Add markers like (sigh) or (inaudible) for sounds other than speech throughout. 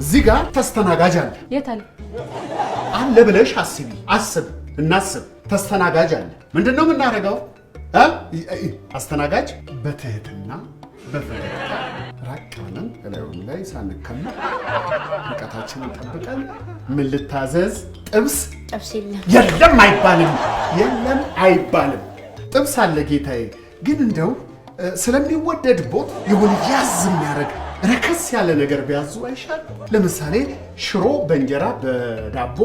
እዚህ ጋር ተስተናጋጅ አለ። የት አለ? አለ ብለሽ አስቢ። አስብ፣ እናስብ። ተስተናጋጅ አለ። ምንድን ነው የምናደርገው? አስተናጋጅ በትህትና በፈገግታ ራቅ ብለን ላይ ሳንከማ ርቀታችንን ጠብቀን ምን ልታዘዝ? ጥብስ ጥብስ የለም አይባልም፣ የለም አይባልም። ጥብስ አለ ጌታዬ፣ ግን እንደው ስለሚወደድ ቦት ይሁን ያዝ የሚያደርግ ረከስ ያለ ነገር ቢያዙ አይሻል? ለምሳሌ ሽሮ በእንጀራ በዳቦ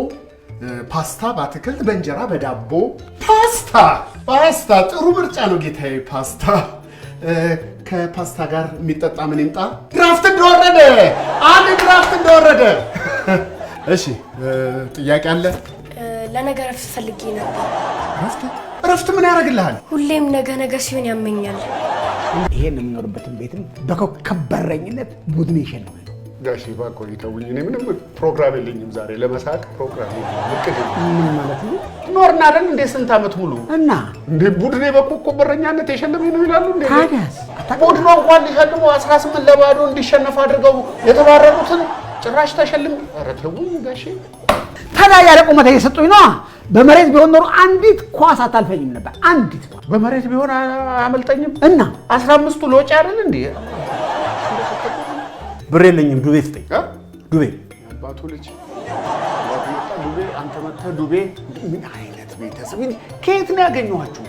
ፓስታ በአትክልት በእንጀራ በዳቦ ፓስታ ፓስታ ጥሩ ምርጫ ነው ጌታዬ። ፓስታ ከፓስታ ጋር የሚጠጣ ምን ይምጣ? ድራፍት እንደወረደ አንድ ድራፍት እንደወረደ። (laughs) እሺ ጥያቄ አለ። ለነገር ፈልጌ ነበር። እረፍት ምን ያደርግልሃል? ሁሌም ነገ ነገ ሲሆን ያመኛል። ይሄን የምኖርበትን ቤትም በኮከብ በረኝነት ቡድን ይሸልመ ጋሽ እባክዎ ተውኝ። እኔ ምንም ፕሮግራም የለኝም ዛሬ ለመሳቅ ፕሮግራም እቅድ ምን ማለት ነው? ኖርና አይደል እንዴ ስንት ዓመት ሙሉ እና እንዴ ቡድኔ በኮከብ በረኛነት የሸለመኝ ነው ይላሉ። እንዴ ታዲያስ ቡድኑ እንኳን ሊሸልሙ ስምንት ለባዶ እንዲሸነፍ አድርገው የተባረሩትን ጭራሽ ተሸልም። ኧረ ተውኝ ጋሽ ታዲያ ያለ ቁመት እየሰጡኝ ነው በመሬት ቢሆን ኖሮ አንዲት ኳስ አታልፈኝም ነበር። አንዲት ኳስ በመሬት ቢሆን አመልጠኝም እና አስራ አምስቱ ለወጪ አይደል እንዲ ብር የለኝም፣ ዱቤ ስጠኝ። ዱቤ አባቱ ልጅ ዱቤ፣ አንተ መተህ ዱቤ። ምን አይነት ቤተሰብ ከየት ነው ያገኘኋችሁ?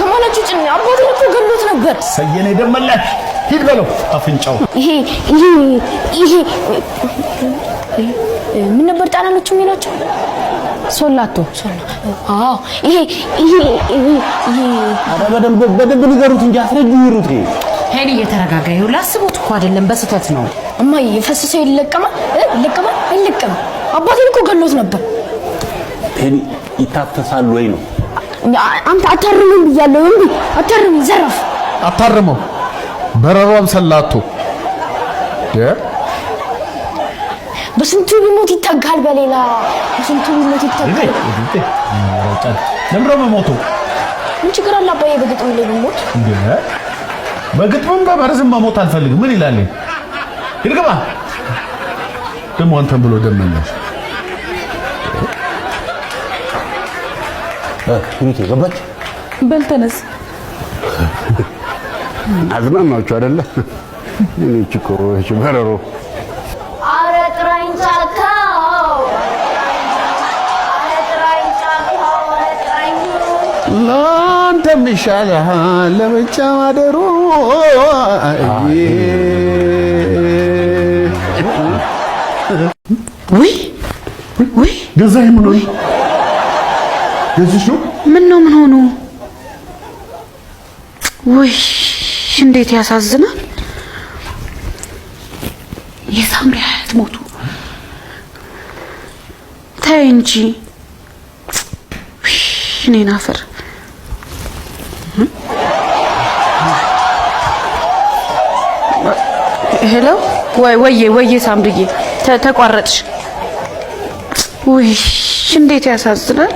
ከማላችሁ ጭ አባቴ እኮ ገሎት ነበር። ሰየነ ደመላሽ ሂድ በለው አፍንጫው ይሄ ይሄ ይሄ ምን ነበር ጣናኖቹ የሚሏቸው? ሶላቶ አዎ፣ ይሄ ይሄ ይሄ ኧረ በደንብ ንገሩት እንጂ አስረጁ ይሩት። ሄሊ እየተረጋጋ ይኸው፣ ላስቦት እኮ አይደለም በስተት ነው። እማዬ የፈሰሰው ይለቀማ ይለቀማ አይለቀም። አባቴን እኮ ገሎት ነበር። ሄሊ ይታተሳል ወይ ነው? አንተ አታርሙኝ ብያለሁ። እንዴ አታርሙኝ፣ ዘራፍ አታርመው። በረሯም ሰላቶ በስንቱ ቢሞት ይተጋል፣ በሌላ በስንቱ ቢሞት ይተጋል። ለምሮ በሞቱ ምን ችግር አለ አባዬ? በግጥም ላይ ብሞት እንዴ? በግጥምም በመርዝም መሞት አልፈልግም። ምን ይላል ይልቅማ ደሞ አንተን ብሎ ደመኛሽ ሩቴ ገባች። በል ተነስ። አዝናናችሁ አይደለ? እኔ እኮ በረሮ ለአንተም ይሻልሃል ለብቻ ማደሩ ገዛ ምን ሆነ? ገዝሽ ነው? ምን ነው? ምን ሆኖ? ውይ እንዴት ያሳዝናል! የሳምሪ አያት ሞቱ። ተይ እንጂ እኔን አፈር ሄሎ፣ ወይዬ ወይዬ፣ ሳምርዬ ተቋረጥሽ። ውይ እንዴት ያሳዝናል።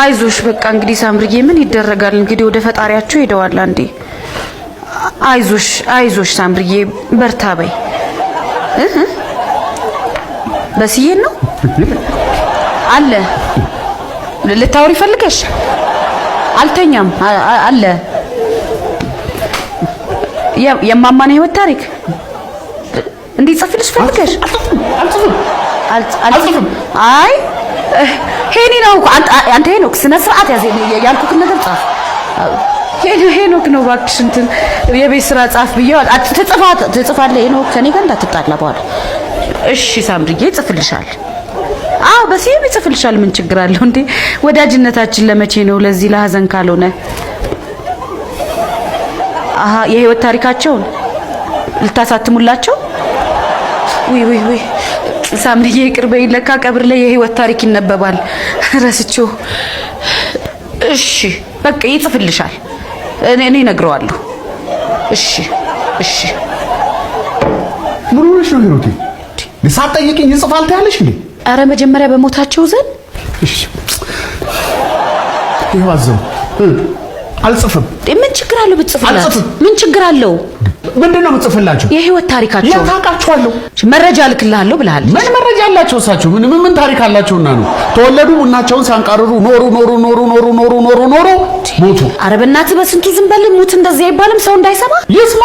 አይዞሽ በቃ እንግዲህ ሳምርዬ፣ ምን ይደረጋል እንግዲህ ወደ ፈጣሪያቸው ሄደዋል። አንዴ አይዞሽ፣ አይዞሽ ሳምርዬ፣ በርታ በይ። በስዬን ነው አለ ልታወሪ ፈልገሽ አልተኛም አለ የማማን ህይወት ታሪክ እንዲጽፍልሽ ፈልገሽ? አይ ሄኒ ነው አንተ ሄኖክ፣ ስነ ስርዓት ያዘ ያልኩህን ነገር ጻፍ። ሄኖክ ነው እባክሽ፣ እንትን የቤት ስራ ጻፍ ብዬዋል። ትጽፋለህ ሄኖክ፣ ከኔ ጋር እንዳትጣላ በኋላ። እሺ ሳምርዬ፣ ይጽፍልሻል። አዎ በሲም ይጽፍልሻል። ምን ችግር አለው እንዴ? ወዳጅነታችን ለመቼ ነው? ለዚህ ለሀዘን ካልሆነ የህይወት ታሪካቸውን ልታሳትሙላቸው? ውይ ውይ ውይ ሳምንዬ ቅርበ ለካ ቀብር ላይ የህይወት ታሪክ ይነበባል። ረስቼው። እሺ በቃ ይጽፍልሻል። እኔ እኔ እነግረዋለሁ። እሺ እሺ። ምን ሆነሽ ነው ሂሩቴ? ሳትጠይቂኝ ይጽፋል ታያለሽ እንዴ? አረ መጀመሪያ በሞታቸው ዘን እሺ ይዋዘው አልጽፍም። ምን ችግር አለው ብትጽፍላት? ምን ችግር አለው? ምንድን ነው የምትጽፍላቸው? የህይወት ታሪካቸው ታውቃቸዋለሁ። መረጃ እልክልሃለሁ ብላለች። ምን መረጃ አላቸው እሳቸው? ምን ምን ታሪክ አላቸውና ነው? ተወለዱ፣ ቡናቸውን ሳንቃርሩ ኖሩ ኖሩ ኖሩ ኖሩ ኖሩ ኖሩ ኖሩ ሞቱ። ኧረ በእናትህ በስንቱ ዝም በል። ሙት እንደዚህ አይባልም። ሰው እንዳይሰማ ይስማ።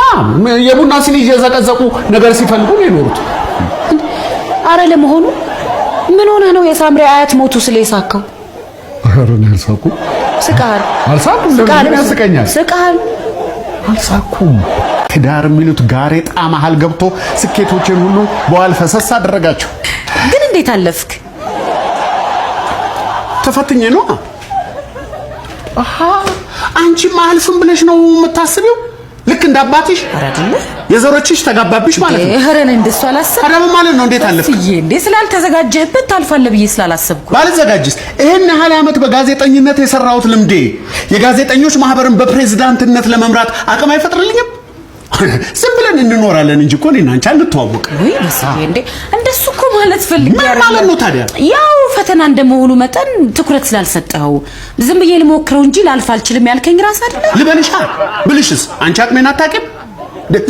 የቡና ሲኒ እየዘቀዘቁ ነገር ሲፈልጉ ነው የኖሩት። አረ ለመሆኑ ምን ሆነህ ነው የሳምሪ አያት ሞቱ ስለ የሳካው ኧረ እኔ አልሳኩም። ስቃል አልሳኩም። ለምን ያስቀኛል? ስቃል አልሳኩም። ትዳር የሚሉት ጋሬጣ መሀል ገብቶ ስኬቶችን ሁሉ በዋል ፈሰስ አደረጋቸው። ግን እንዴት አለፍክ? ተፈትኝ ነው። አሃ አንቺ አልፍም ብለሽ ነው የምታስቢው ልክ እንደ አባትሽ። ኧረ አይደለ የዘሮችሽ ተጋባብሽ ማለት ነው። ኧረ እኔ እንደሱ አላሰብኩም። አዳም ማለት ነው። እንዴት ይሄ እንዴ ስላልተዘጋጀህበት ታልፋለህ ብዬ ስላላሰብኩ። ባልዘጋጅስ ይሄን ያህል ዓመት በጋዜጠኝነት የሰራሁት ልምዴ የጋዜጠኞች ማህበርን በፕሬዝዳንትነት ለመምራት አቅም አይፈጥርልኝም። (laughs) ዝም ብለን እንኖራለን እንጂ እኮ እኔና አንቺ አንተዋወቅ። ወይ እንዴ እንደሱ እኮ ማለት ፈልጌ አይደለም። ማለት ነው ታዲያ ያው ፈተና እንደመሆኑ መጠን ትኩረት ስላልሰጠኸው ዝም ብዬ ልሞክረው እንጂ ላልፍ አልችልም ያልከኝ ራስ አይደለ? ልበልሻ ብልሽስ አንቺ አቅሜን አታውቂም።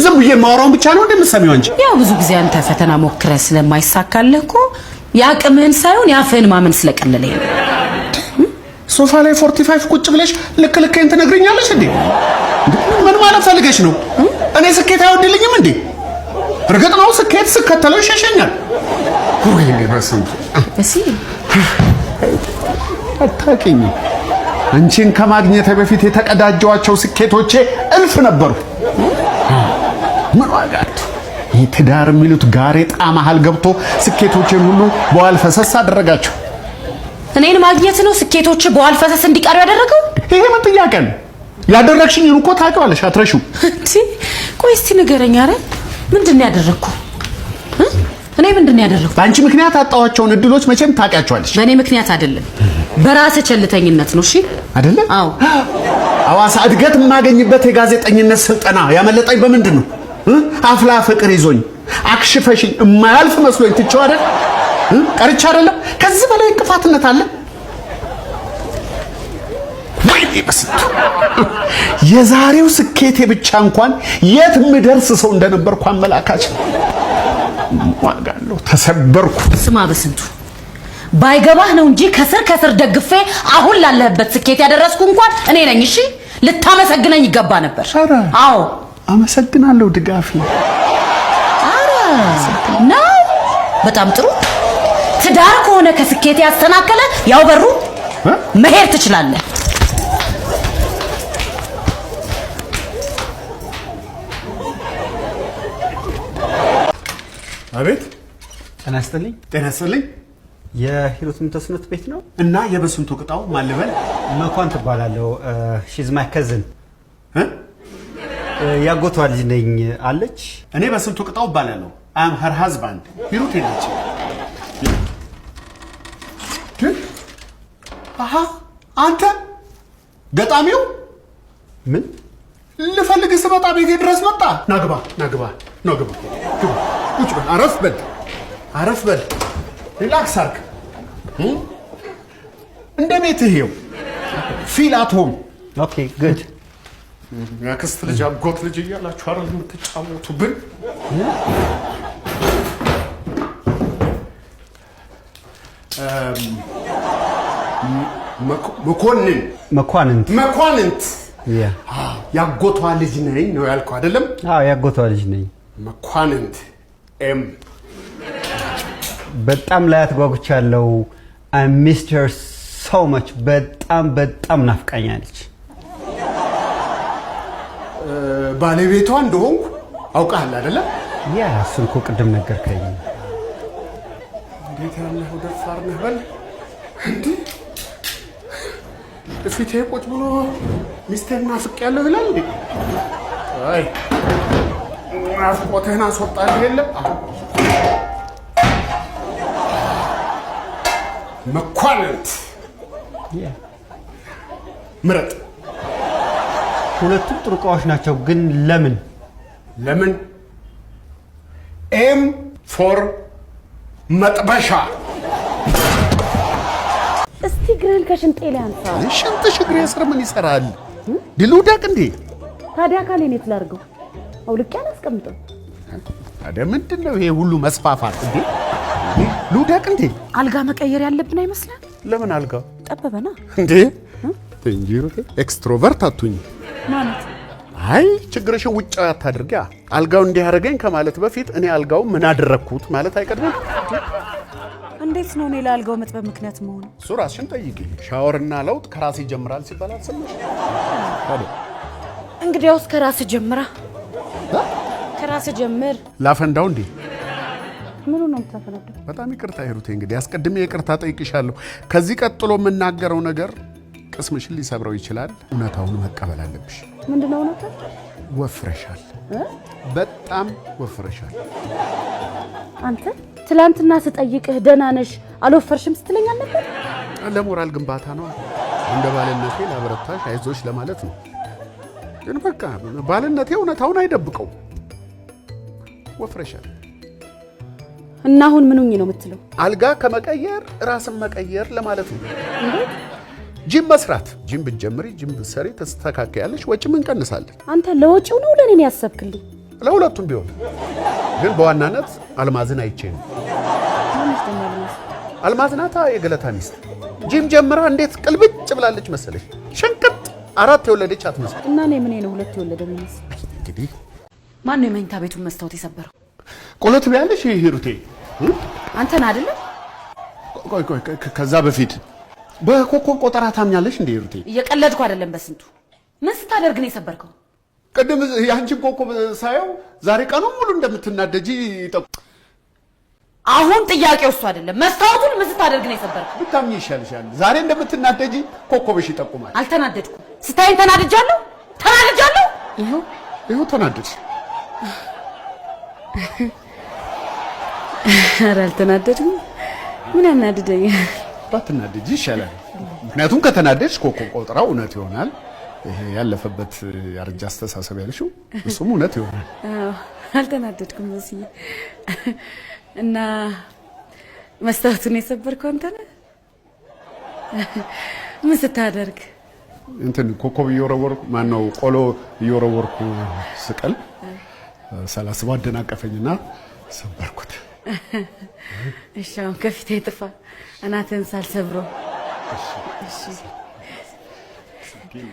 ዝም ብዬ የማወራውን ብቻ ነው እንደምትሰሚው እንጂ ያው ብዙ ጊዜ አንተ ፈተና ሞክረ ስለማይሳካልህ እኮ የአቅምህን ሳይሆን የአፍህን ማመን ስለቀለለኝ ነው። ሶፋ ላይ 45 ቁጭ ብለሽ ልክ ልክህን ትነግረኛለሽ እንዴ? ምን ማለት ፈልገሽ ነው? እኔ ስኬት አይወድልኝም እንዴ? እርግጥ ነው ስኬት ስከተለው ይሸሸኛል። ወይኔ እሺ፣ አታውቂኝም። አንቺን ከማግኘት በፊት የተቀዳጀዋቸው ስኬቶቼ እልፍ ነበሩ። ምን ዋጋ አለው? ይህ ትዳር የሚሉት ጋሬጣ መሀል ገብቶ ስኬቶችን ሁሉ በዋል ፈሰስ አደረጋቸው። እኔን ማግኘት ነው ስኬቶች በዋል ፈሰስ እንዲቀሩ ያደረገው? ይሄ ምን ጥያቄ ነው? ያደረግሽኝ እኮ ታውቂዋለሽ፣ አትረሺው። ቆይ እስቲ ንገረኝ። አረ ምንድን ነው ያደረግኩ? እኔ ምንድን ነው ያደረግኩ? በአንቺ ምክንያት አጣኋቸውን እድሎች መቼም ታውቂያቸዋለሽ። በእኔ ምክንያት አይደለም፣ በራሴ ቸልተኝነት ነው። እሺ አይደለም? አዎ፣ አዋሳ እድገት የማገኝበት የጋዜጠኝነት ስልጠና ያመለጠኝ በምንድን ነው? አፍላ ፍቅር ይዞኝ አክሽፈሽኝ እማያልፍ መስሎኝ ትቼው አይደል ቀርቼ አይደለም። ከዚህ በላይ እንቅፋትነት አለ? የዛሬው ስኬቴ ብቻ እንኳን የት ምደርስ ሰው እንደነበርኩ አመላካች ዋጋለሁ። ተሰበርኩ። ስማ በስንቱ ባይገባህ ነው እንጂ ከስር ከስር ደግፌ አሁን ላለህበት ስኬት ያደረስኩ እንኳን እኔ ነኝ። እሺ ልታመሰግነኝ ይገባ ነበር። አዎ አመሰግናለሁ። ድጋፍ ነው። በጣም ጥሩ ትዳር ከሆነ ከስኬት ያስተናከለ ያው በሩ መሄድ ትችላለህ። አቤት። ጤና ይስጥልኝ። ጤና ይስጥልኝ። የሂሩት ምንተስኖት ቤት ነው እና የበስንቱ ቅጣው ማለበል መኳን ትባላለሁ። ሺዝ ማይ ከዝን ያጎቷ ልጅ ነኝ አለች። እኔ በስንቱ ቅጣው እባላለሁ። አም ሀር ሀዝባንድ ሂሩት የለች። አንተ ገጣሚው ምን ልፈልግ ስመጣ ቤቴ ድረስ መጣ። ናግባ ናግባ ናግባ ግባ ግባ። ቁጭ በል አረፍ በል አረፍ በል ሪላክስ አርግ። እንደ ቤትህ ይኸው ፊል አት ሆም ኦኬ ጉድ ያክስት ልጅ አጎት ልጅ እያላችሁ አረ የምትጫወቱብን። መኮንን መኳንንት መኳንንት ያጎቷ ልጅ ነኝ ነው ያልከው አይደለም? ያጎቷ ልጅ ነኝ። መኳንንት ኤም በጣም ላይ አትጓጉቻለሁ። አይ ሶ ማች በጣም በጣም ናፍቃኛለች። ባለቤቷ እንደሆንኩ አውቃል አይደለ? ያ እሱን እኮ ቅድም ነገርከኝ። እንዴት ያለኸው ደፋር ነህ! በል እንዴ ፊቴ ቁጭ ብሎ ሚስቴን ናፍቄያለሁ ይላል እንዴ? አይ ናፍቆትህን አስወጣልህ የለም መኳንንት ምረጥ ሁለቱም ጥሩ እቃዎች ናቸው። ግን ለምን ለምን ኤም ፎር መጥበሻ። እስቲ እግርህን ከሽንጤ ላይ አንሳ። ሽንጥሽ እግሬ ስር ምን ይሰራል? ድሉዳቅ እንዴ! ታዲያ አካሌን የት ላድርገው? አውልቄ አላስቀምጠው። ታዲያ ምንድን ነው ይሄ ሁሉ መስፋፋት እንዴ? ሉዳቅ እንዴ! አልጋ መቀየር ያለብን አይመስልም? ለምን አልጋ ጠበበና እንዴ? እንጂ ኤክስትሮቨርት አቱኝ ማለት አይ ችግርሽን ውጭ አታድርጊ። አልጋው እንዲያደርገኝ ከማለት በፊት እኔ አልጋው ምን አደረግኩት ማለት አይቀድምም። እንዴት ነው እኔ ለአልጋው መጥበብ ምክንያት መሆን እሱ ራስሽን ጠይቂ። ሻወርና ለውጥ ከራስ ይጀምራል ሲባል አልሰማሽ? እንግዲያውስ ከራስ ጀምራ ከራስ ጀምር። ላፈንዳው እንዴ ምኑ ነው የምታፈነዳው? በጣም ይቅርታ ሂሩቴ፣ እንግዲህ አስቀድሜ ይቅርታ ጠይቅሻለሁ። ከዚህ ቀጥሎ የምናገረው ነገር ቅስምሽን ሊሰብረው ይችላል። እውነታውን መቀበል አለብሽ። ምንድነው እውነታ? ወፍረሻል፣ በጣም ወፍረሻል። አንተ ትላንትና ስጠይቅህ ደህና ነሽ አልወፈርሽም ስትለኝ አልነበር? ለሞራል ግንባታ ነው፣ እንደ ባልነቴ ላበረታሽ አይዞሽ ለማለት ነው። ግን በቃ ባልነቴ እውነታውን አይደብቀው፣ ወፍረሻል። እና አሁን ምኑኝ ነው የምትለው? አልጋ ከመቀየር ራስን መቀየር ለማለት ነው። ጂም መስራት ጅም ብትጀምሪ ጂም ብትሰሪ ተስተካከያለሽ፣ ወጪም እንቀንሳለን። አንተ ለወጪው ነው ለኔ ያሰብክልኝ? ለሁለቱም ቢሆን ግን በዋናነት አልማዝን አይቼ ነው። አልማዝ ናታ የገለታ ሚስት ጂም ጀምራ እንዴት ቅልብጭ ብላለች መሰለች፣ ሸንቅጥ አራት የወለደች አትመስል እና እኔ ምን ነው ሁለት የወለደ እንግዲህ ማን ነው የመኝታ ቤቱን መስታወት የሰበረው? ቆሎት ቢያለሽ ይሄ ሩቴ አንተን አይደለም። ቆይ ቆይ ከዛ በፊት በኮኮብ ቆጠራ ታምኛለሽ እንዴ ሩቴ? እየቀለድኩ አይደለም። በስንቱ ምን ስታደርግ ነው የሰበርከው? ቅድም የአንቺን ኮኮብ ሳየው ዛሬ ቀኑ ሙሉ እንደምትናደጂ ይጠቁ። አሁን ጥያቄው እሱ አይደለም፣ መስታወቱን ምን ስታደርግ ነው የሰበርከው? ብታምኚ ይሻልሻል። ዛሬ እንደምትናደጂ ኮኮብሽ ይጠቁማል። አልተናደድኩም። ስታይን ተናድጃለሁ፣ ተናድጃለሁ። ይኸው ይኸው ተናደድሽ። ኧረ አልተናደድኩም። ምን ያናድደኛል? ባትናደጂ ይሻላል። ምክንያቱም ከተናደጅ ኮከብ ቆጥራ እውነት ይሆናል። ይሄ ያለፈበት ያረጃ አስተሳሰብ ያልሽው እሱም እውነት ይሆናል። አልተናደድኩም መስዬ እና መስታወቱን የሰበርከው አንተ ነህ። ምን ስታደርግ እንትን ኮከብ እየወረወርኩ ማነው ቆሎ እየወረወርኩ ስቀል ሰላስባ አደናቀፈኝና ሰበርኩት። (laughs) እሺ፣ አሁን ከፊቴ ጥፋ፣ እናትህን ሳልሰብሮ እሺ እሺ